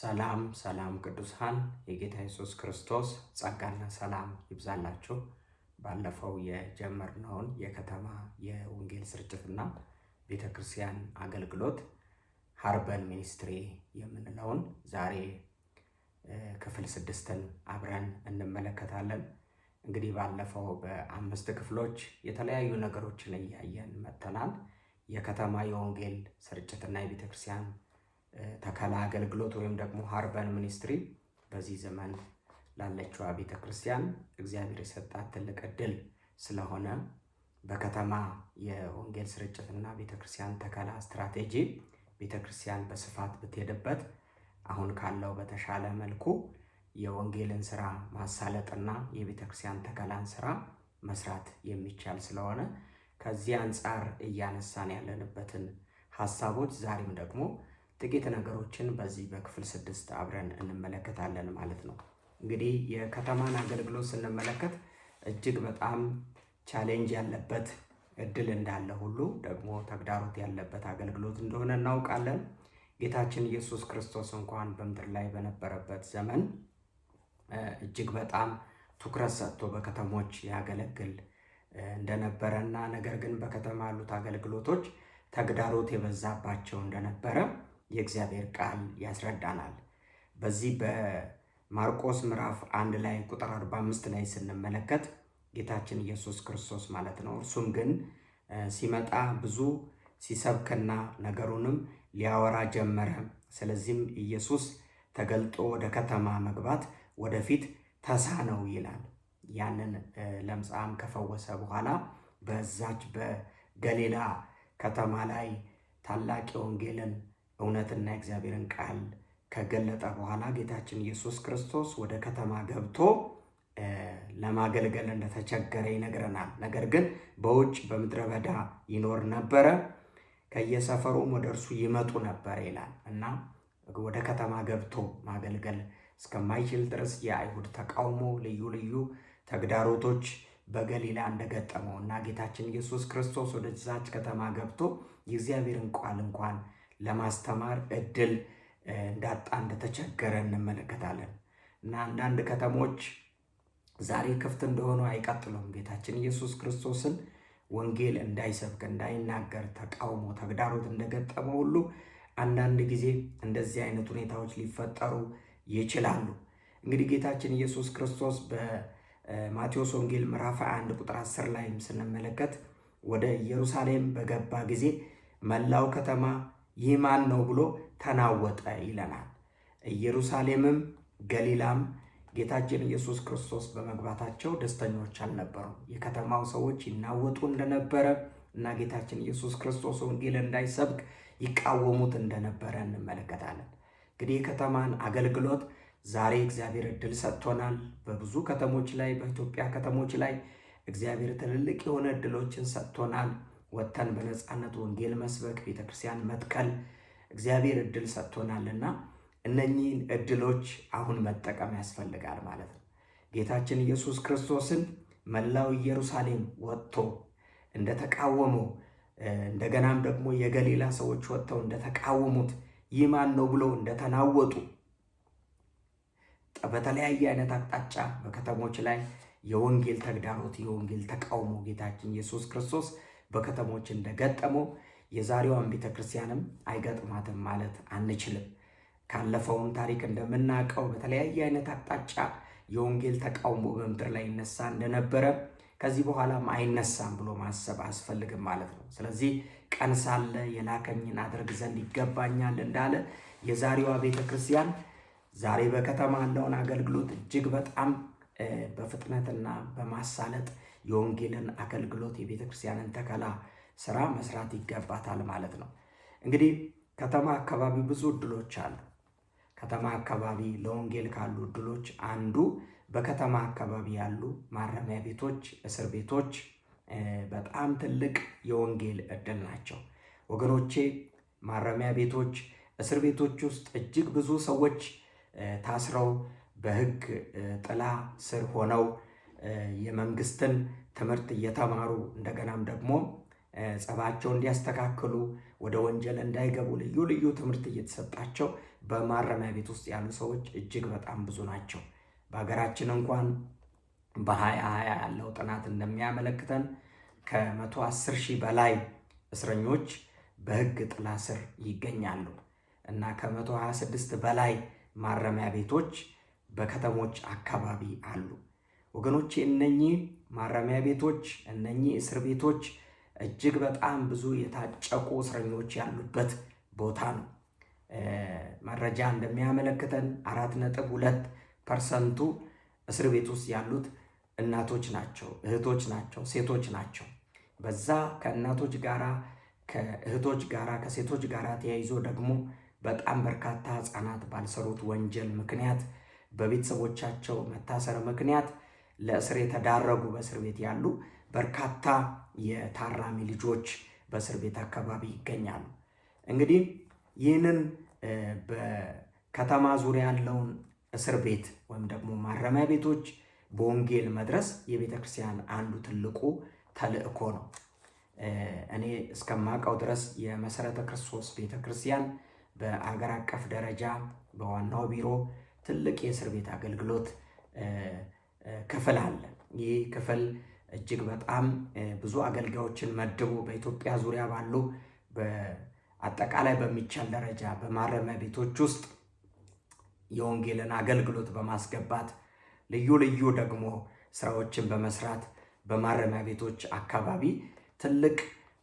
ሰላም ሰላም ቅዱሳን የጌታ ኢየሱስ ክርስቶስ ጸጋና ሰላም ይብዛላችሁ። ባለፈው የጀመርነውን የከተማ የወንጌል ስርጭትና ቤተ ክርስቲያን አገልግሎት ሀርበን ሚኒስትሪ የምንለውን ዛሬ ክፍል ስድስትን አብረን እንመለከታለን። እንግዲህ ባለፈው በአምስት ክፍሎች የተለያዩ ነገሮችን እያየን መጥተናል። የከተማ የወንጌል ስርጭትና የቤተ ክርስቲያን ተከላ አገልግሎት ወይም ደግሞ ሀርበን ሚኒስትሪ በዚህ ዘመን ላለችዋ ቤተ ክርስቲያን እግዚአብሔር የሰጣት ትልቅ እድል ስለሆነ በከተማ የወንጌል ስርጭትና ቤተ ክርስቲያን ተከላ ስትራቴጂ ቤተ ክርስቲያን በስፋት ብትሄድበት አሁን ካለው በተሻለ መልኩ የወንጌልን ስራ ማሳለጥና የቤተ ክርስቲያን ተከላን ስራ መስራት የሚቻል ስለሆነ ከዚህ አንጻር እያነሳን ያለንበትን ሀሳቦች ዛሬም ደግሞ ጥቂት ነገሮችን በዚህ በክፍል ስድስት አብረን እንመለከታለን ማለት ነው። እንግዲህ የከተማን አገልግሎት ስንመለከት እጅግ በጣም ቻሌንጅ ያለበት እድል እንዳለ ሁሉ ደግሞ ተግዳሮት ያለበት አገልግሎት እንደሆነ እናውቃለን። ጌታችን ኢየሱስ ክርስቶስ እንኳን በምድር ላይ በነበረበት ዘመን እጅግ በጣም ትኩረት ሰጥቶ በከተሞች ያገለግል እንደነበረ እና ነገር ግን በከተማ ያሉት አገልግሎቶች ተግዳሮት የበዛባቸው እንደነበረ የእግዚአብሔር ቃል ያስረዳናል። በዚህ በማርቆስ ምዕራፍ አንድ ላይ ቁጥር 45 ላይ ስንመለከት ጌታችን ኢየሱስ ክርስቶስ ማለት ነው። እርሱም ግን ሲመጣ ብዙ ሲሰብክና ነገሩንም ሊያወራ ጀመረ። ስለዚህም ኢየሱስ ተገልጦ ወደ ከተማ መግባት ወደፊት ተሳነው ይላል። ያንን ለምጻም ከፈወሰ በኋላ በዛች በገሊላ ከተማ ላይ ታላቅ የወንጌልን እውነትና የእግዚአብሔርን ቃል ከገለጠ በኋላ ጌታችን ኢየሱስ ክርስቶስ ወደ ከተማ ገብቶ ለማገልገል እንደተቸገረ ይነግረናል። ነገር ግን በውጭ በምድረ በዳ ይኖር ነበረ፣ ከየሰፈሩም ወደ እርሱ ይመጡ ነበር ይላል እና ወደ ከተማ ገብቶ ማገልገል እስከማይችል ድረስ የአይሁድ ተቃውሞ፣ ልዩ ልዩ ተግዳሮቶች በገሊላ እንደገጠመው እና ጌታችን ኢየሱስ ክርስቶስ ወደዛች ከተማ ገብቶ የእግዚአብሔርን ቃል እንኳን ለማስተማር እድል እንዳጣ እንደተቸገረ እንመለከታለን። እና አንዳንድ ከተሞች ዛሬ ክፍት እንደሆኑ አይቀጥሉም። ጌታችን ኢየሱስ ክርስቶስን ወንጌል እንዳይሰብክ እንዳይናገር ተቃውሞ፣ ተግዳሮት እንደገጠመ ሁሉ አንዳንድ ጊዜ እንደዚህ አይነት ሁኔታዎች ሊፈጠሩ ይችላሉ። እንግዲህ ጌታችን ኢየሱስ ክርስቶስ በማቴዎስ ወንጌል ምዕራፍ 1 ቁጥር 10 ላይም ስንመለከት ወደ ኢየሩሳሌም በገባ ጊዜ መላው ከተማ ይህ ማን ነው ብሎ ተናወጠ ይለናል። ኢየሩሳሌምም ገሊላም ጌታችን ኢየሱስ ክርስቶስ በመግባታቸው ደስተኞች አልነበሩም። የከተማው ሰዎች ይናወጡ እንደነበረ እና ጌታችን ኢየሱስ ክርስቶስ ወንጌል እንዳይሰብክ ይቃወሙት እንደነበረ እንመለከታለን። እንግዲህ የከተማን አገልግሎት ዛሬ እግዚአብሔር እድል ሰጥቶናል። በብዙ ከተሞች ላይ በኢትዮጵያ ከተሞች ላይ እግዚአብሔር ትልልቅ የሆነ እድሎችን ሰጥቶናል። ወጥተን በነፃነት ወንጌል መስበክ፣ ቤተክርስቲያን መትከል እግዚአብሔር እድል ሰጥቶናልና እነኚህን እድሎች አሁን መጠቀም ያስፈልጋል ማለት ነው። ጌታችን ኢየሱስ ክርስቶስን መላው ኢየሩሳሌም ወጥቶ እንደተቃወመው እንደገናም ደግሞ የገሊላ ሰዎች ወጥተው እንደተቃወሙት ይህ ማን ነው ብለው እንደተናወጡ በተለያየ አይነት አቅጣጫ በከተሞች ላይ የወንጌል ተግዳሮት፣ የወንጌል ተቃውሞ ጌታችን ኢየሱስ ክርስቶስ በከተሞች እንደገጠመው የዛሬዋን ቤተ ክርስቲያንም አይገጥማትም ማለት አንችልም። ካለፈውን ታሪክ እንደምናውቀው በተለያየ አይነት አቅጣጫ የወንጌል ተቃውሞ በምድር ላይ ይነሳ እንደነበረ ከዚህ በኋላም አይነሳም ብሎ ማሰብ አያስፈልግም ማለት ነው። ስለዚህ ቀን ሳለ የላከኝን አድርግ ዘንድ ይገባኛል እንዳለ የዛሬዋ ቤተ ክርስቲያን ዛሬ በከተማ ያለውን አገልግሎት እጅግ በጣም በፍጥነትና በማሳለጥ የወንጌልን አገልግሎት የቤተ ክርስቲያንን ተከላ ስራ መስራት ይገባታል ማለት ነው። እንግዲህ ከተማ አካባቢ ብዙ እድሎች አሉ። ከተማ አካባቢ ለወንጌል ካሉ እድሎች አንዱ በከተማ አካባቢ ያሉ ማረሚያ ቤቶች፣ እስር ቤቶች በጣም ትልቅ የወንጌል እድል ናቸው። ወገኖቼ ማረሚያ ቤቶች፣ እስር ቤቶች ውስጥ እጅግ ብዙ ሰዎች ታስረው በሕግ ጥላ ስር ሆነው የመንግስትን ትምህርት እየተማሩ እንደገናም ደግሞ ጸባቸው እንዲያስተካክሉ ወደ ወንጀል እንዳይገቡ ልዩ ልዩ ትምህርት እየተሰጣቸው በማረሚያ ቤት ውስጥ ያሉ ሰዎች እጅግ በጣም ብዙ ናቸው። በሀገራችን እንኳን በሀያ ሀያ ያለው ጥናት እንደሚያመለክተን ከመቶ አስር ሺህ በላይ እስረኞች በህግ ጥላ ስር ይገኛሉ እና ከመቶ ሀያ ስድስት በላይ ማረሚያ ቤቶች በከተሞች አካባቢ አሉ። ወገኖቼ እነኚህ ማረሚያ ቤቶች፣ እነኚህ እስር ቤቶች እጅግ በጣም ብዙ የታጨቁ እስረኞች ያሉበት ቦታ ነው። መረጃ እንደሚያመለክተን አራት ነጥብ ሁለት ፐርሰንቱ እስር ቤት ውስጥ ያሉት እናቶች ናቸው፣ እህቶች ናቸው፣ ሴቶች ናቸው። በዛ ከእናቶች ጋራ ከእህቶች ጋራ ከሴቶች ጋራ ተያይዞ ደግሞ በጣም በርካታ ህፃናት ባልሰሩት ወንጀል ምክንያት በቤተሰቦቻቸው መታሰር ምክንያት ለእስር የተዳረጉ በእስር ቤት ያሉ በርካታ የታራሚ ልጆች በእስር ቤት አካባቢ ይገኛሉ። እንግዲህ ይህንን በከተማ ዙሪያ ያለውን እስር ቤት ወይም ደግሞ ማረሚያ ቤቶች በወንጌል መድረስ የቤተ ክርስቲያን አንዱ ትልቁ ተልእኮ ነው። እኔ እስከማውቀው ድረስ የመሰረተ ክርስቶስ ቤተ ክርስቲያን በአገር አቀፍ ደረጃ በዋናው ቢሮ ትልቅ የእስር ቤት አገልግሎት ክፍል አለ። ይህ ክፍል እጅግ በጣም ብዙ አገልጋዮችን መድቦ በኢትዮጵያ ዙሪያ ባሉ በአጠቃላይ በሚቻል ደረጃ በማረሚያ ቤቶች ውስጥ የወንጌልን አገልግሎት በማስገባት ልዩ ልዩ ደግሞ ስራዎችን በመስራት በማረሚያ ቤቶች አካባቢ ትልቅ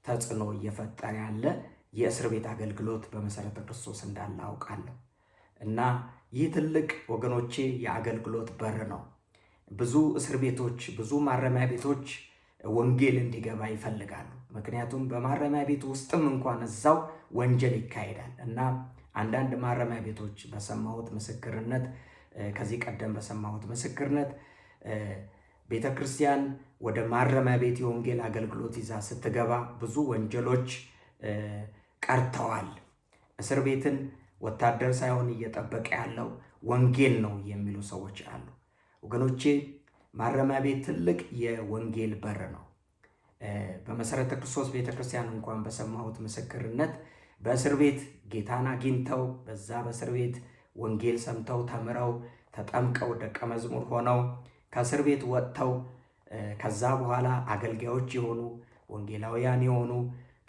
ተጽዕኖ እየፈጠረ ያለ የእስር ቤት አገልግሎት በመሰረተ ክርስቶስ እንዳለ አውቃለሁ እና ይህ ትልቅ ወገኖቼ የአገልግሎት በር ነው። ብዙ እስር ቤቶች፣ ብዙ ማረሚያ ቤቶች ወንጌል እንዲገባ ይፈልጋሉ። ምክንያቱም በማረሚያ ቤት ውስጥም እንኳን እዛው ወንጀል ይካሄዳል እና አንዳንድ ማረሚያ ቤቶች በሰማሁት ምስክርነት ከዚህ ቀደም በሰማሁት ምስክርነት ቤተ ክርስቲያን ወደ ማረሚያ ቤት የወንጌል አገልግሎት ይዛ ስትገባ ብዙ ወንጀሎች ቀርተዋል። እስር ቤትን ወታደር ሳይሆን እየጠበቀ ያለው ወንጌል ነው የሚሉ ሰዎች አሉ። ወገኖቼ ማረሚያ ቤት ትልቅ የወንጌል በር ነው። በመሰረተ ክርስቶስ ቤተክርስቲያን እንኳን በሰማሁት ምስክርነት በእስር ቤት ጌታን አግኝተው በዛ በእስር ቤት ወንጌል ሰምተው ተምረው ተጠምቀው ደቀ መዝሙር ሆነው ከእስር ቤት ወጥተው ከዛ በኋላ አገልጋዮች የሆኑ ወንጌላውያን የሆኑ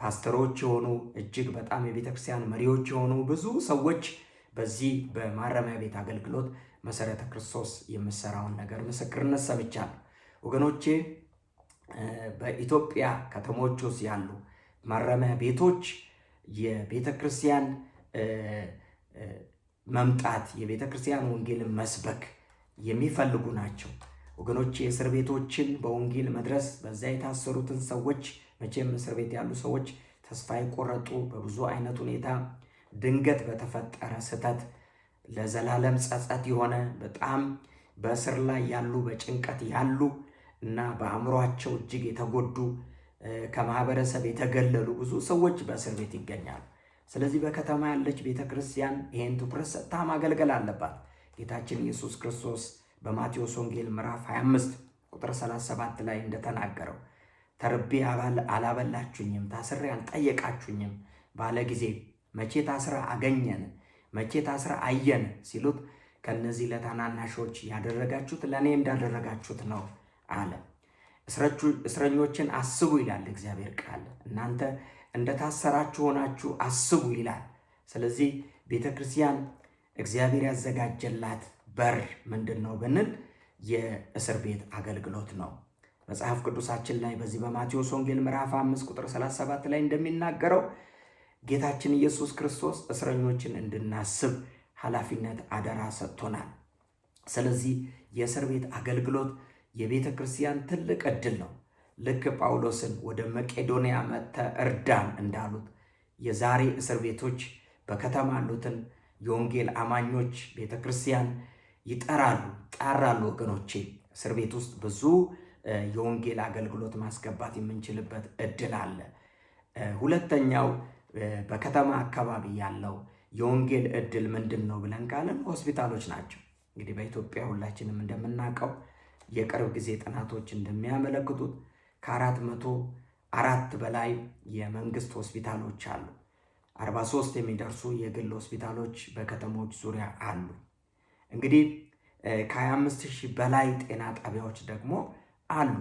ፓስተሮች የሆኑ እጅግ በጣም የቤተክርስቲያን መሪዎች የሆኑ ብዙ ሰዎች በዚህ በማረሚያ ቤት አገልግሎት መሰረተ ክርስቶስ የምሰራውን ነገር ምስክርነት ሰምቻለሁ። ወገኖቼ በኢትዮጵያ ከተሞች ውስጥ ያሉ ማረሚያ ቤቶች የቤተ ክርስቲያን መምጣት የቤተ ክርስቲያን ወንጌልን መስበክ የሚፈልጉ ናቸው። ወገኖች የእስር ቤቶችን በወንጌል መድረስ በዛ የታሰሩትን ሰዎች መቼም እስር ቤት ያሉ ሰዎች ተስፋ የቆረጡ በብዙ አይነት ሁኔታ ድንገት በተፈጠረ ስህተት ለዘላለም ጸጸት የሆነ በጣም በእስር ላይ ያሉ በጭንቀት ያሉ እና በአእምሯቸው እጅግ የተጎዱ ከማህበረሰብ የተገለሉ ብዙ ሰዎች በእስር ቤት ይገኛሉ። ስለዚህ በከተማ ያለች ቤተ ክርስቲያን ይህን ትኩረት ሰጥታ ማገልገል አለባት። ጌታችን ኢየሱስ ክርስቶስ በማቴዎስ ወንጌል ምዕራፍ 25 ቁጥር 37 ላይ እንደተናገረው ተርቤ አላበላችሁኝም፣ ታስሬ አልጠየቃችሁኝም ባለ ጊዜ መቼ ታስራ አገኘን መቼ ታስረ አየን ሲሉት ከነዚህ ለታናናሾች ያደረጋችሁት ለእኔ እንዳደረጋችሁት ነው አለ። እስረኞችን አስቡ ይላል እግዚአብሔር ቃል። እናንተ እንደታሰራችሁ ሆናችሁ አስቡ ይላል። ስለዚህ ቤተ ክርስቲያን እግዚአብሔር ያዘጋጀላት በር ምንድን ነው ብንል የእስር ቤት አገልግሎት ነው። መጽሐፍ ቅዱሳችን ላይ በዚህ በማቴዎስ ወንጌል ምዕራፍ 5 ቁጥር 37 ላይ እንደሚናገረው ጌታችን ኢየሱስ ክርስቶስ እስረኞችን እንድናስብ ኃላፊነት አደራ ሰጥቶናል። ስለዚህ የእስር ቤት አገልግሎት የቤተ ክርስቲያን ትልቅ ዕድል ነው። ልክ ጳውሎስን ወደ መቄዶንያ መተ እርዳን እንዳሉት የዛሬ እስር ቤቶች በከተማ ያሉትን የወንጌል አማኞች ቤተ ክርስቲያን ይጠራሉ፣ ጣራሉ። ወገኖቼ እስር ቤት ውስጥ ብዙ የወንጌል አገልግሎት ማስገባት የምንችልበት እድል አለ። ሁለተኛው በከተማ አካባቢ ያለው የወንጌል እድል ምንድን ነው ብለን ካለን ሆስፒታሎች ናቸው። እንግዲህ በኢትዮጵያ ሁላችንም እንደምናውቀው የቅርብ ጊዜ ጥናቶች እንደሚያመለክቱት ከአራት መቶ አራት በላይ የመንግስት ሆስፒታሎች አሉ። 43 የሚደርሱ የግል ሆስፒታሎች በከተሞች ዙሪያ አሉ። እንግዲህ ከ25 ሺህ በላይ ጤና ጣቢያዎች ደግሞ አሉ።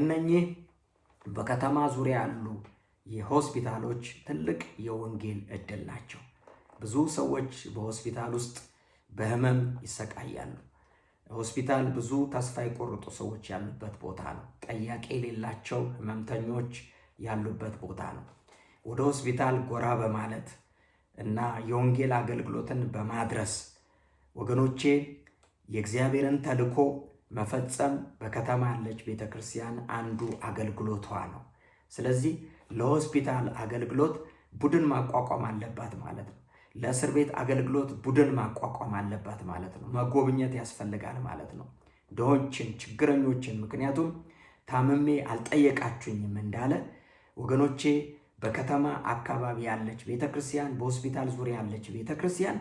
እነኚህ በከተማ ዙሪያ አሉ የሆስፒታሎች ትልቅ የወንጌል ዕድል ናቸው። ብዙ ሰዎች በሆስፒታል ውስጥ በህመም ይሰቃያሉ። ሆስፒታል ብዙ ተስፋ የቆረጡ ሰዎች ያሉበት ቦታ ነው። ጠያቂ የሌላቸው ህመምተኞች ያሉበት ቦታ ነው። ወደ ሆስፒታል ጎራ በማለት እና የወንጌል አገልግሎትን በማድረስ ወገኖቼ የእግዚአብሔርን ተልዕኮ መፈጸም በከተማ ያለች ቤተ ክርስቲያን አንዱ አገልግሎቷ ነው። ስለዚህ ለሆስፒታል አገልግሎት ቡድን ማቋቋም አለባት ማለት ነው። ለእስር ቤት አገልግሎት ቡድን ማቋቋም አለባት ማለት ነው። መጎብኘት ያስፈልጋል ማለት ነው። ድሆችን፣ ችግረኞችን ምክንያቱም ታምሜ አልጠየቃችሁኝም እንዳለ ወገኖቼ በከተማ አካባቢ ያለች ቤተክርስቲያን በሆስፒታል ዙሪያ ያለች ቤተክርስቲያን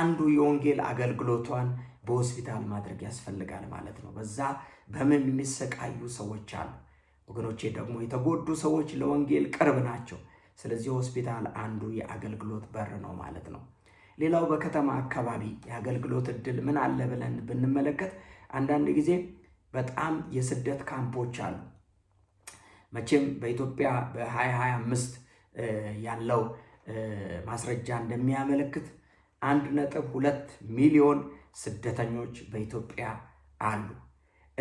አንዱ የወንጌል አገልግሎቷን በሆስፒታል ማድረግ ያስፈልጋል ማለት ነው። በዛ በምን የሚሰቃዩ ሰዎች አሉ። ወገኖቼ ደግሞ የተጎዱ ሰዎች ለወንጌል ቅርብ ናቸው። ስለዚህ ሆስፒታል አንዱ የአገልግሎት በር ነው ማለት ነው። ሌላው በከተማ አካባቢ የአገልግሎት እድል ምን አለ ብለን ብንመለከት አንዳንድ ጊዜ በጣም የስደት ካምፖች አሉ። መቼም በኢትዮጵያ በ2025 ያለው ማስረጃ እንደሚያመለክት አንድ ነጥብ ሁለት ሚሊዮን ስደተኞች በኢትዮጵያ አሉ።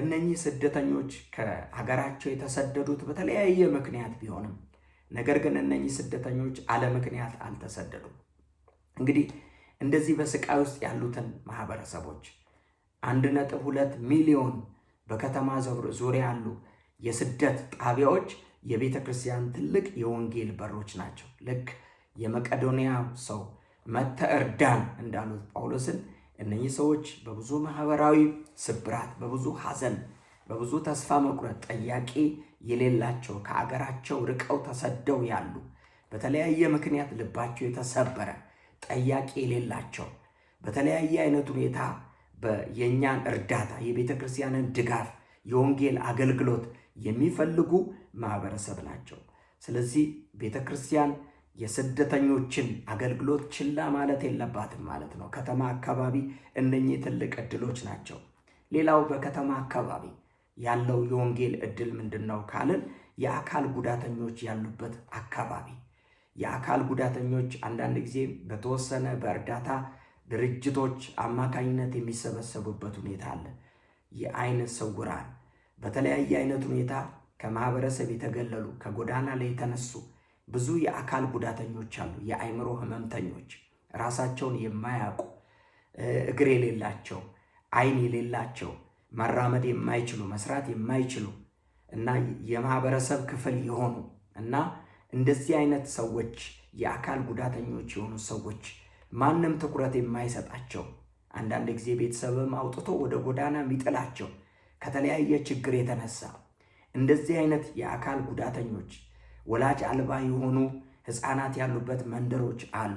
እነኚህ ስደተኞች ከሀገራቸው የተሰደዱት በተለያየ ምክንያት ቢሆንም ነገር ግን እነኚህ ስደተኞች አለ ምክንያት አልተሰደዱም። እንግዲህ እንደዚህ በስቃይ ውስጥ ያሉትን ማህበረሰቦች አንድ ነጥብ ሁለት ሚሊዮን በከተማ ዙሪያ ያሉ የስደት ጣቢያዎች የቤተ ክርስቲያን ትልቅ የወንጌል በሮች ናቸው። ልክ የመቄዶንያ ሰው መተ እርዳን እንዳሉት ጳውሎስን እነኚህ ሰዎች በብዙ ማህበራዊ ስብራት፣ በብዙ ሐዘን፣ በብዙ ተስፋ መቁረጥ ጠያቂ የሌላቸው ከአገራቸው ርቀው ተሰደው ያሉ በተለያየ ምክንያት ልባቸው የተሰበረ ጠያቂ የሌላቸው በተለያየ አይነት ሁኔታ የእኛን እርዳታ የቤተ ክርስቲያንን ድጋፍ የወንጌል አገልግሎት የሚፈልጉ ማህበረሰብ ናቸው። ስለዚህ ቤተ ክርስቲያን የስደተኞችን አገልግሎት ችላ ማለት የለባትም ማለት ነው። ከተማ አካባቢ እነኚህ ትልቅ እድሎች ናቸው። ሌላው በከተማ አካባቢ ያለው የወንጌል እድል ምንድን ነው ካልን የአካል ጉዳተኞች ያሉበት አካባቢ የአካል ጉዳተኞች አንዳንድ ጊዜ በተወሰነ በእርዳታ ድርጅቶች አማካኝነት የሚሰበሰቡበት ሁኔታ አለ። የአይነ ስውራን በተለያየ አይነት ሁኔታ ከማህበረሰብ የተገለሉ ከጎዳና ላይ የተነሱ ብዙ የአካል ጉዳተኞች አሉ፣ የአይምሮ ህመምተኞች፣ ራሳቸውን የማያውቁ እግር የሌላቸው፣ አይን የሌላቸው፣ መራመድ የማይችሉ፣ መስራት የማይችሉ እና የማህበረሰብ ክፍል የሆኑ እና እንደዚህ አይነት ሰዎች የአካል ጉዳተኞች የሆኑ ሰዎች ማንም ትኩረት የማይሰጣቸው አንዳንድ ጊዜ ቤተሰብም አውጥቶ ወደ ጎዳና የሚጥላቸው ከተለያየ ችግር የተነሳ እንደዚህ አይነት የአካል ጉዳተኞች ወላጅ አልባ የሆኑ ሕፃናት ያሉበት መንደሮች አሉ።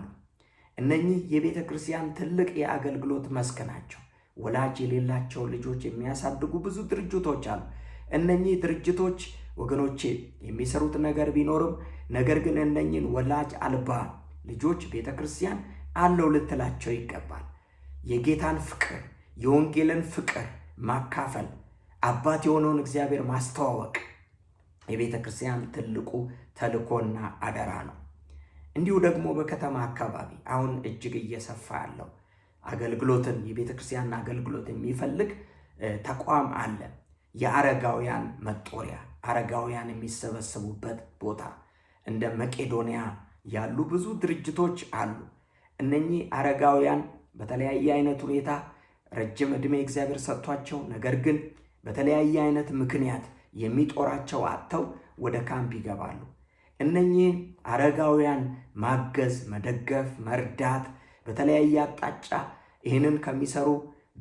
እነኚህ የቤተ ክርስቲያን ትልቅ የአገልግሎት መስክ ናቸው። ወላጅ የሌላቸው ልጆች የሚያሳድጉ ብዙ ድርጅቶች አሉ። እነኚህ ድርጅቶች ወገኖቼ የሚሰሩት ነገር ቢኖርም ነገር ግን እነኚህን ወላጅ አልባ ልጆች ቤተ ክርስቲያን አለው ልትላቸው ይገባል። የጌታን ፍቅር የወንጌልን ፍቅር ማካፈል አባት የሆነውን እግዚአብሔር ማስተዋወቅ የቤተ ክርስቲያን ትልቁ ተልኮና አደራ ነው። እንዲሁ ደግሞ በከተማ አካባቢ አሁን እጅግ እየሰፋ ያለው አገልግሎትን የቤተ ክርስቲያን አገልግሎት የሚፈልግ ተቋም አለ። የአረጋውያን መጦሪያ፣ አረጋውያን የሚሰበሰቡበት ቦታ እንደ መቄዶንያ ያሉ ብዙ ድርጅቶች አሉ። እነኚህ አረጋውያን በተለያየ አይነት ሁኔታ ረጅም ዕድሜ እግዚአብሔር ሰጥቷቸው ነገር ግን በተለያየ አይነት ምክንያት የሚጦራቸው አጥተው ወደ ካምፕ ይገባሉ። እነኚህ አረጋውያን ማገዝ፣ መደገፍ፣ መርዳት በተለያየ አቅጣጫ ይህንን ከሚሰሩ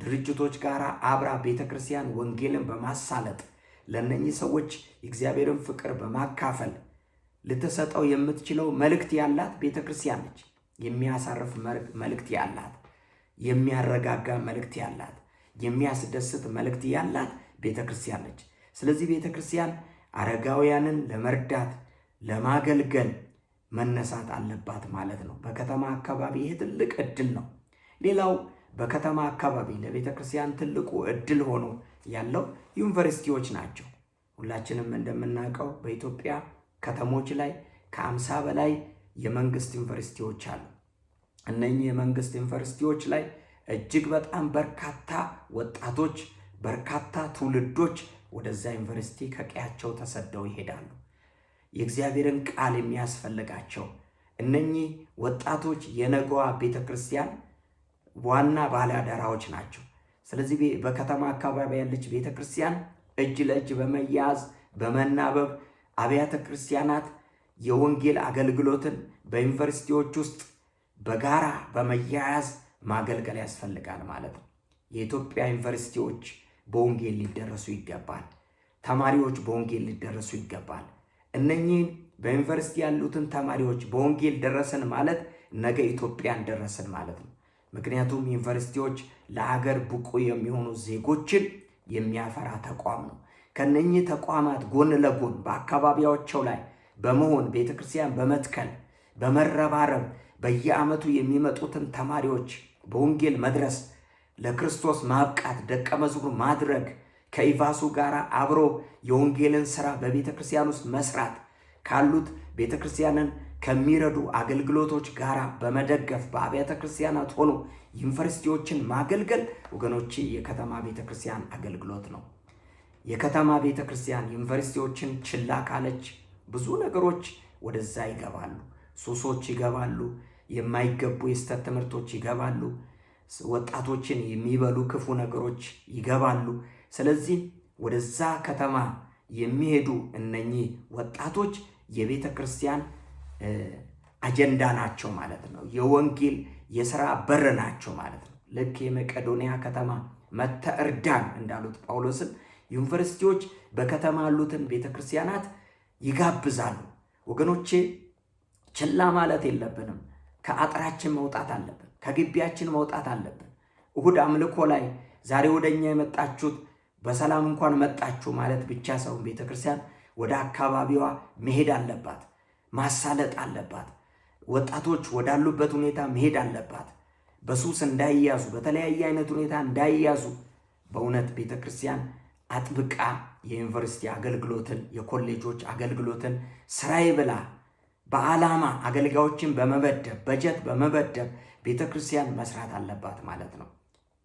ድርጅቶች ጋር አብራ ቤተ ክርስቲያን ወንጌልን በማሳለጥ ለእነኚህ ሰዎች የእግዚአብሔርን ፍቅር በማካፈል ልትሰጠው የምትችለው መልእክት ያላት ቤተ ክርስቲያን ነች። የሚያሳርፍ መልእክት ያላት፣ የሚያረጋጋ መልእክት ያላት፣ የሚያስደስት መልእክት ያላት ቤተ ክርስቲያን ነች። ስለዚህ ቤተ ክርስቲያን አረጋውያንን ለመርዳት ለማገልገል መነሳት አለባት ማለት ነው። በከተማ አካባቢ ይህ ትልቅ እድል ነው። ሌላው በከተማ አካባቢ ለቤተ ክርስቲያን ትልቁ እድል ሆኖ ያለው ዩኒቨርሲቲዎች ናቸው። ሁላችንም እንደምናውቀው በኢትዮጵያ ከተሞች ላይ ከአምሳ በላይ የመንግስት ዩኒቨርሲቲዎች አሉ። እነኚህ የመንግስት ዩኒቨርሲቲዎች ላይ እጅግ በጣም በርካታ ወጣቶች፣ በርካታ ትውልዶች ወደዛ ዩኒቨርሲቲ ከቀያቸው ተሰደው ይሄዳሉ። የእግዚአብሔርን ቃል የሚያስፈልጋቸው እነኚህ ወጣቶች የነገዋ ቤተ ክርስቲያን ዋና ባለአደራዎች ናቸው። ስለዚህ በከተማ አካባቢ ያለች ቤተ ክርስቲያን እጅ ለእጅ በመያያዝ በመናበብ አብያተ ክርስቲያናት የወንጌል አገልግሎትን በዩኒቨርሲቲዎች ውስጥ በጋራ በመያያዝ ማገልገል ያስፈልጋል ማለት ነው። የኢትዮጵያ ዩኒቨርሲቲዎች በወንጌል ሊደረሱ ይገባል። ተማሪዎች በወንጌል ሊደረሱ ይገባል። እነኚህን በዩኒቨርሲቲ ያሉትን ተማሪዎች በወንጌል ደረሰን ማለት ነገ ኢትዮጵያን ደረሰን ማለት ነው። ምክንያቱም ዩኒቨርሲቲዎች ለሀገር ብቁ የሚሆኑ ዜጎችን የሚያፈራ ተቋም ነው። ከነኚህ ተቋማት ጎን ለጎን በአካባቢያቸው ላይ በመሆን ቤተክርስቲያን በመትከል በመረባረብ በየዓመቱ የሚመጡትን ተማሪዎች በወንጌል መድረስ ለክርስቶስ ማብቃት ደቀ መዝሙር ማድረግ ከኢቫሱ ጋር አብሮ የወንጌልን ስራ በቤተ ክርስቲያን ውስጥ መስራት ካሉት ቤተ ክርስቲያንን ከሚረዱ አገልግሎቶች ጋር በመደገፍ በአብያተ ክርስቲያናት ሆኖ ዩኒቨርሲቲዎችን ማገልገል ወገኖቼ የከተማ ቤተ ክርስቲያን አገልግሎት ነው። የከተማ ቤተ ክርስቲያን ዩኒቨርሲቲዎችን ችላ ካለች ብዙ ነገሮች ወደዛ ይገባሉ። ሱሶች ይገባሉ። የማይገቡ የስተት ትምህርቶች ይገባሉ። ወጣቶችን የሚበሉ ክፉ ነገሮች ይገባሉ። ስለዚህ ወደዛ ከተማ የሚሄዱ እነኚህ ወጣቶች የቤተ ክርስቲያን አጀንዳ ናቸው ማለት ነው። የወንጌል የስራ በር ናቸው ማለት ነው። ልክ የመቄዶንያ ከተማ መተ እርዳን እንዳሉት ጳውሎስን ዩኒቨርሲቲዎች በከተማ ያሉትን ቤተ ክርስቲያናት ይጋብዛሉ። ወገኖቼ ችላ ማለት የለብንም። ከአጥራችን መውጣት አለብን። ከግቢያችን መውጣት አለብን። እሁድ አምልኮ ላይ ዛሬ ወደ እኛ የመጣችሁት በሰላም እንኳን መጣችሁ ማለት ብቻ ሰውን ቤተ ክርስቲያን ወደ አካባቢዋ መሄድ አለባት፣ ማሳለጥ አለባት። ወጣቶች ወዳሉበት ሁኔታ መሄድ አለባት። በሱስ እንዳይያዙ፣ በተለያየ አይነት ሁኔታ እንዳይያዙ በእውነት ቤተ ክርስቲያን አጥብቃ የዩኒቨርሲቲ አገልግሎትን የኮሌጆች አገልግሎትን ስራዬ ብላ በዓላማ አገልጋዮችን በመበደብ በጀት በመበደብ ቤተ ክርስቲያን መስራት አለባት ማለት ነው።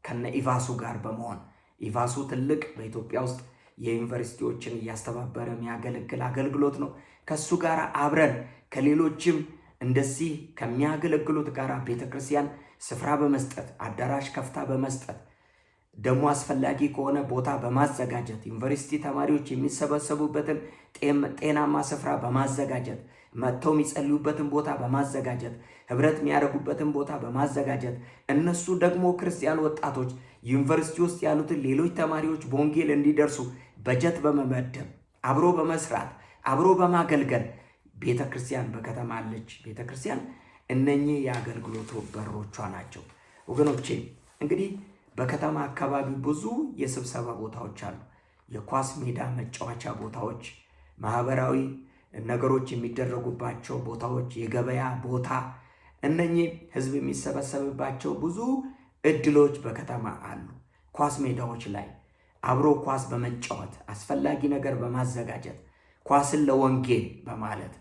ከነ ኢቫሱ ጋር በመሆን ኢቫሱ ትልቅ በኢትዮጵያ ውስጥ የዩኒቨርሲቲዎችን እያስተባበረ የሚያገለግል አገልግሎት ነው። ከሱ ጋር አብረን ከሌሎችም እንደዚህ ከሚያገለግሉት ጋር ቤተ ክርስቲያን ስፍራ በመስጠት አዳራሽ ከፍታ በመስጠት ደግሞ አስፈላጊ ከሆነ ቦታ በማዘጋጀት ዩኒቨርሲቲ ተማሪዎች የሚሰበሰቡበትን ጤናማ ስፍራ በማዘጋጀት መጥተው የሚጸልዩበትን ቦታ በማዘጋጀት ህብረት የሚያደርጉበትን ቦታ በማዘጋጀት እነሱ ደግሞ ክርስቲያን ወጣቶች ዩኒቨርሲቲ ውስጥ ያሉትን ሌሎች ተማሪዎች በወንጌል እንዲደርሱ በጀት በመመደብ አብሮ በመስራት አብሮ በማገልገል ቤተ ክርስቲያን በከተማ አለች። ቤተ ክርስቲያን እነኚህ የአገልግሎት በሮቿ ናቸው። ወገኖቼ እንግዲህ በከተማ አካባቢ ብዙ የስብሰባ ቦታዎች አሉ። የኳስ ሜዳ መጫወቻ ቦታዎች፣ ማህበራዊ ነገሮች የሚደረጉባቸው ቦታዎች፣ የገበያ ቦታ፣ እነኚህ ህዝብ የሚሰበሰብባቸው ብዙ እድሎች በከተማ አሉ። ኳስ ሜዳዎች ላይ አብሮ ኳስ በመጫወት አስፈላጊ ነገር በማዘጋጀት ኳስን ለወንጌል በማለት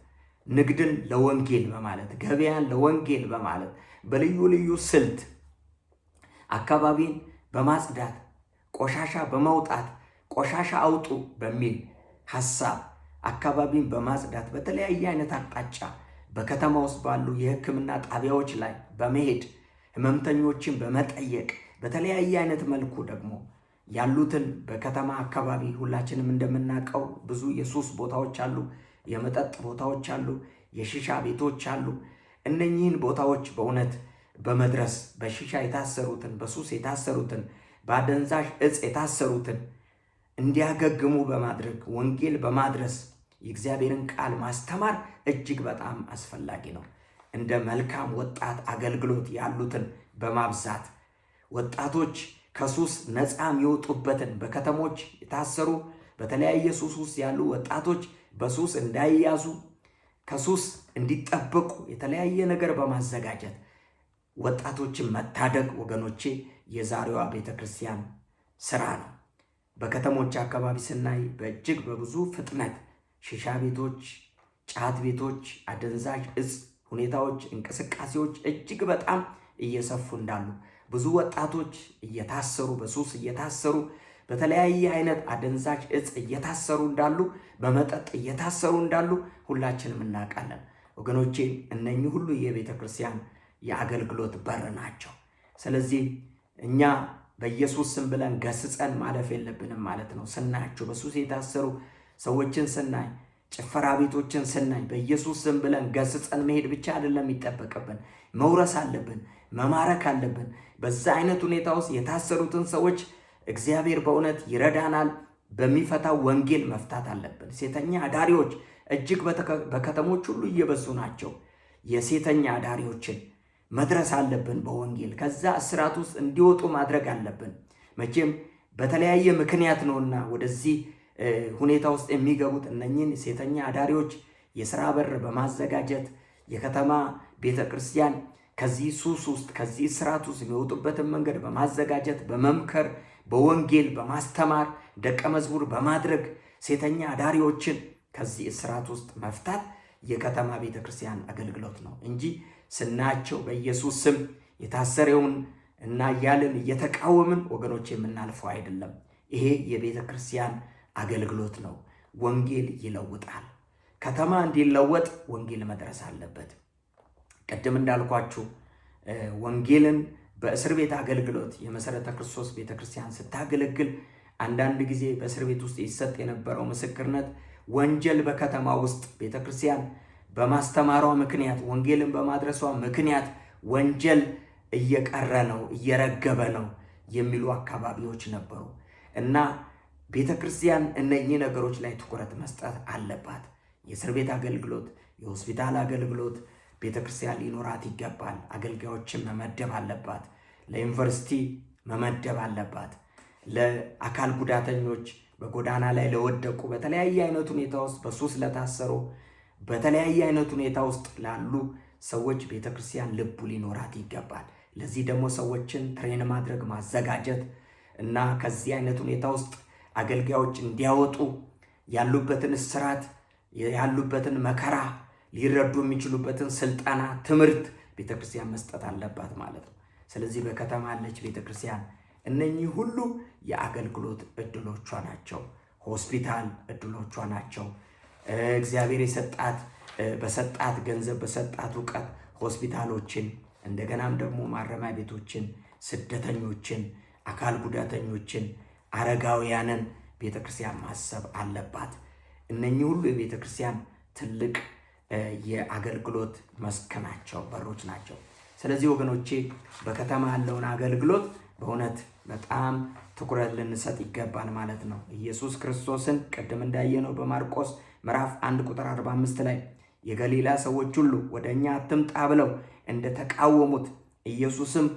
ንግድን ለወንጌል በማለት ገበያን ለወንጌል በማለት በልዩ ልዩ ስልት አካባቢን በማጽዳት ቆሻሻ በማውጣት ቆሻሻ አውጡ በሚል ሀሳብ። አካባቢን በማጽዳት በተለያየ አይነት አቅጣጫ በከተማ ውስጥ ባሉ የሕክምና ጣቢያዎች ላይ በመሄድ ህመምተኞችን በመጠየቅ በተለያየ አይነት መልኩ ደግሞ ያሉትን በከተማ አካባቢ ሁላችንም እንደምናውቀው ብዙ የሱስ ቦታዎች አሉ፣ የመጠጥ ቦታዎች አሉ፣ የሽሻ ቤቶች አሉ። እነኚህን ቦታዎች በእውነት በመድረስ በሽሻ የታሰሩትን፣ በሱስ የታሰሩትን፣ በአደንዛዥ እጽ የታሰሩትን እንዲያገግሙ በማድረግ ወንጌል በማድረስ የእግዚአብሔርን ቃል ማስተማር እጅግ በጣም አስፈላጊ ነው። እንደ መልካም ወጣት አገልግሎት ያሉትን በማብዛት ወጣቶች ከሱስ ነፃ የሚወጡበትን በከተሞች የታሰሩ በተለያየ ሱስ ውስጥ ያሉ ወጣቶች በሱስ እንዳይያዙ ከሱስ እንዲጠበቁ የተለያየ ነገር በማዘጋጀት ወጣቶችን መታደግ ወገኖቼ የዛሬዋ ቤተ ክርስቲያን ስራ ነው። በከተሞች አካባቢ ስናይ በእጅግ በብዙ ፍጥነት ሽሻ ቤቶች፣ ጫት ቤቶች፣ አደንዛዥ እጽ ሁኔታዎች፣ እንቅስቃሴዎች እጅግ በጣም እየሰፉ እንዳሉ ብዙ ወጣቶች እየታሰሩ በሱስ እየታሰሩ በተለያየ አይነት አደንዛዥ እጽ እየታሰሩ እንዳሉ በመጠጥ እየታሰሩ እንዳሉ ሁላችንም እናውቃለን። ወገኖቼ እነኚህ ሁሉ የቤተ ክርስቲያን የአገልግሎት በር ናቸው። ስለዚህ እኛ በኢየሱስ ስም ብለን ገስጸን ማለፍ የለብንም ማለት ነው። ስናችሁ በሱስ የታሰሩ ሰዎችን ስናይ፣ ጭፈራ ቤቶችን ስናይ በኢየሱስ ስም ብለን ገስጸን መሄድ ብቻ አይደለም ይጠበቅብን። መውረስ አለብን፣ መማረክ አለብን። በዛ አይነት ሁኔታ ውስጥ የታሰሩትን ሰዎች እግዚአብሔር በእውነት ይረዳናል በሚፈታው ወንጌል መፍታት አለብን። ሴተኛ አዳሪዎች እጅግ በከተሞች ሁሉ እየበዙ ናቸው። የሴተኛ አዳሪዎችን መድረስ አለብን በወንጌል ከዛ እስራት ውስጥ እንዲወጡ ማድረግ አለብን። መቼም በተለያየ ምክንያት ነውና ወደዚህ ሁኔታ ውስጥ የሚገቡት እነኚህን ሴተኛ አዳሪዎች የስራ በር በማዘጋጀት የከተማ ቤተ ክርስቲያን ከዚህ ሱስ ውስጥ ከዚህ ስርዓት ውስጥ የሚወጡበትን መንገድ በማዘጋጀት በመምከር በወንጌል በማስተማር ደቀ መዝሙር በማድረግ ሴተኛ አዳሪዎችን ከዚህ ስርዓት ውስጥ መፍታት የከተማ ቤተ ክርስቲያን አገልግሎት ነው እንጂ ስናቸው በኢየሱስ ስም የታሰረውን እና እያልን እየተቃወምን ወገኖች የምናልፈው አይደለም። ይሄ የቤተ ክርስቲያን አገልግሎት ነው። ወንጌል ይለውጣል። ከተማ እንዲለወጥ ወንጌል መድረስ አለበት። ቅድም እንዳልኳችሁ ወንጌልን በእስር ቤት አገልግሎት የመሰረተ ክርስቶስ ቤተክርስቲያን ስታገለግል አንዳንድ ጊዜ በእስር ቤት ውስጥ ይሰጥ የነበረው ምስክርነት ወንጀል በከተማ ውስጥ ቤተክርስቲያን በማስተማሯ ምክንያት ወንጌልን በማድረሷ ምክንያት ወንጀል እየቀረ ነው፣ እየረገበ ነው የሚሉ አካባቢዎች ነበሩ እና ቤተ ክርስቲያን እነኚህ ነገሮች ላይ ትኩረት መስጠት አለባት። የእስር ቤት አገልግሎት፣ የሆስፒታል አገልግሎት ቤተ ክርስቲያን ሊኖራት ይገባል። አገልጋዮችን መመደብ አለባት። ለዩኒቨርሲቲ መመደብ አለባት። ለአካል ጉዳተኞች፣ በጎዳና ላይ ለወደቁ፣ በተለያየ አይነት ሁኔታ ውስጥ በሱስ ለታሰሩ፣ በተለያየ አይነት ሁኔታ ውስጥ ላሉ ሰዎች ቤተ ክርስቲያን ልቡ ሊኖራት ይገባል። ለዚህ ደግሞ ሰዎችን ትሬን ማድረግ ማዘጋጀት እና ከዚህ አይነት ሁኔታ ውስጥ አገልጋዮች እንዲያወጡ ያሉበትን እስራት፣ ያሉበትን መከራ ሊረዱ የሚችሉበትን ስልጠና፣ ትምህርት ቤተ ክርስቲያን መስጠት አለባት ማለት ነው። ስለዚህ በከተማ ያለች ቤተ ክርስቲያን እነኚህ ሁሉ የአገልግሎት እድሎቿ ናቸው። ሆስፒታል እድሎቿ ናቸው። እግዚአብሔር የሰጣት በሰጣት ገንዘብ በሰጣት እውቀት ሆስፒታሎችን እንደገናም ደግሞ ማረሚያ ቤቶችን፣ ስደተኞችን፣ አካል ጉዳተኞችን አረጋውያንን ቤተ ክርስቲያን ማሰብ አለባት። እነኚህ ሁሉ የቤተ ክርስቲያን ትልቅ የአገልግሎት መስክ ናቸው፣ በሮች ናቸው። ስለዚህ ወገኖቼ በከተማ ያለውን አገልግሎት በእውነት በጣም ትኩረት ልንሰጥ ይገባል ማለት ነው። ኢየሱስ ክርስቶስን ቅድም እንዳየነው በማርቆስ ምዕራፍ 1 ቁጥር 45 ላይ የገሊላ ሰዎች ሁሉ ወደ እኛ አትምጣ ብለው እንደተቃወሙት ኢየሱስም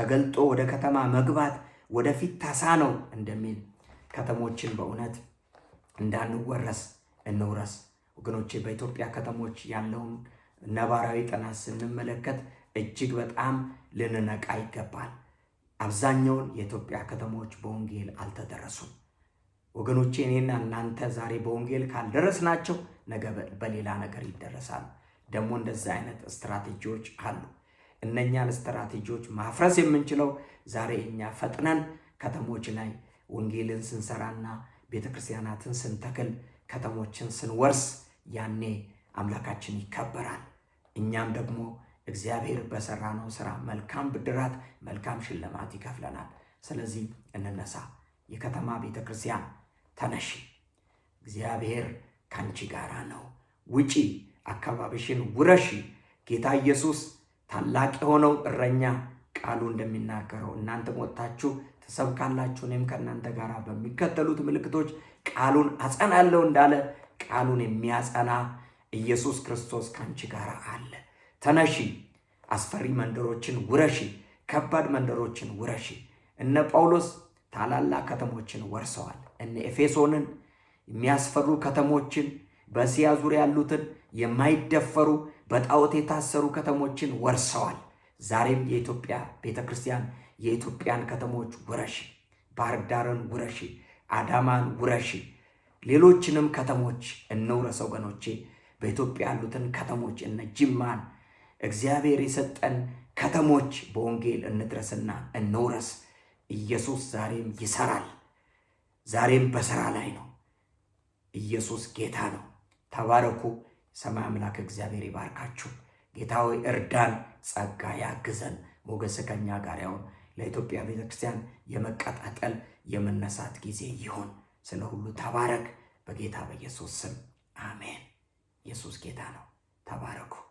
ተገልጦ ወደ ከተማ መግባት ወደፊት ተሳ ነው እንደሚል ከተሞችን በእውነት እንዳንወረስ እንውረስ። ወገኖቼ በኢትዮጵያ ከተሞች ያለውን ነባራዊ ጥናት ስንመለከት እጅግ በጣም ልንነቃ ይገባል። አብዛኛውን የኢትዮጵያ ከተሞች በወንጌል አልተደረሱም። ወገኖቼ እኔና እናንተ ዛሬ በወንጌል ካልደረስናቸው ነገ በሌላ ነገር ይደረሳሉ። ደግሞ እንደዚህ አይነት ስትራቴጂዎች አሉ። እነኛን ስትራቴጂዎች ማፍረስ የምንችለው ዛሬ እኛ ፈጥነን ከተሞች ላይ ወንጌልን ስንሰራና ቤተ ክርስቲያናትን ስንተክል ከተሞችን ስንወርስ ያኔ አምላካችን ይከበራል። እኛም ደግሞ እግዚአብሔር በሰራነው ስራ መልካም ብድራት፣ መልካም ሽልማት ይከፍለናል። ስለዚህ እንነሳ። የከተማ ቤተ ክርስቲያን ተነሺ። እግዚአብሔር ከአንቺ ጋራ ነው። ውጪ፣ አካባቢሽን ውረሺ። ጌታ ኢየሱስ ታላቅ የሆነው እረኛ ቃሉ እንደሚናገረው እናንተ ወጥታችሁ ትሰብካላችሁ፣ እኔም ከእናንተ ጋር በሚከተሉት ምልክቶች ቃሉን አጸናለሁ እንዳለ ቃሉን የሚያጸና ኢየሱስ ክርስቶስ ከአንቺ ጋር አለ። ተነሺ፣ አስፈሪ መንደሮችን ውረሺ፣ ከባድ መንደሮችን ውረሺ። እነ ጳውሎስ ታላላቅ ከተሞችን ወርሰዋል። እነ ኤፌሶንን የሚያስፈሩ ከተሞችን በእስያ ዙሪያ ያሉትን የማይደፈሩ በጣዖት የታሰሩ ከተሞችን ወርሰዋል። ዛሬም የኢትዮጵያ ቤተ ክርስቲያን የኢትዮጵያን ከተሞች ውረሺ፣ ባህር ዳርን ውረሺ፣ አዳማን ውረሺ፣ ሌሎችንም ከተሞች እንውረስ ወገኖቼ። በኢትዮጵያ ያሉትን ከተሞች እነ ጅማን እግዚአብሔር የሰጠን ከተሞች በወንጌል እንድረስና እንውረስ። ኢየሱስ ዛሬም ይሰራል። ዛሬም በስራ ላይ ነው። ኢየሱስ ጌታ ነው። ተባረኩ። ሰማይ አምላክ እግዚአብሔር ይባርካችሁ። ጌታ ሆይ እርዳን፣ ጸጋ ያግዘን፣ ሞገስ ከኛ ጋር ያውን። ለኢትዮጵያ ቤተክርስቲያን የመቀጣጠል የመነሳት ጊዜ ይሁን። ስለ ሁሉ ተባረክ፣ በጌታ በኢየሱስ ስም አሜን። ኢየሱስ ጌታ ነው። ተባረኩ።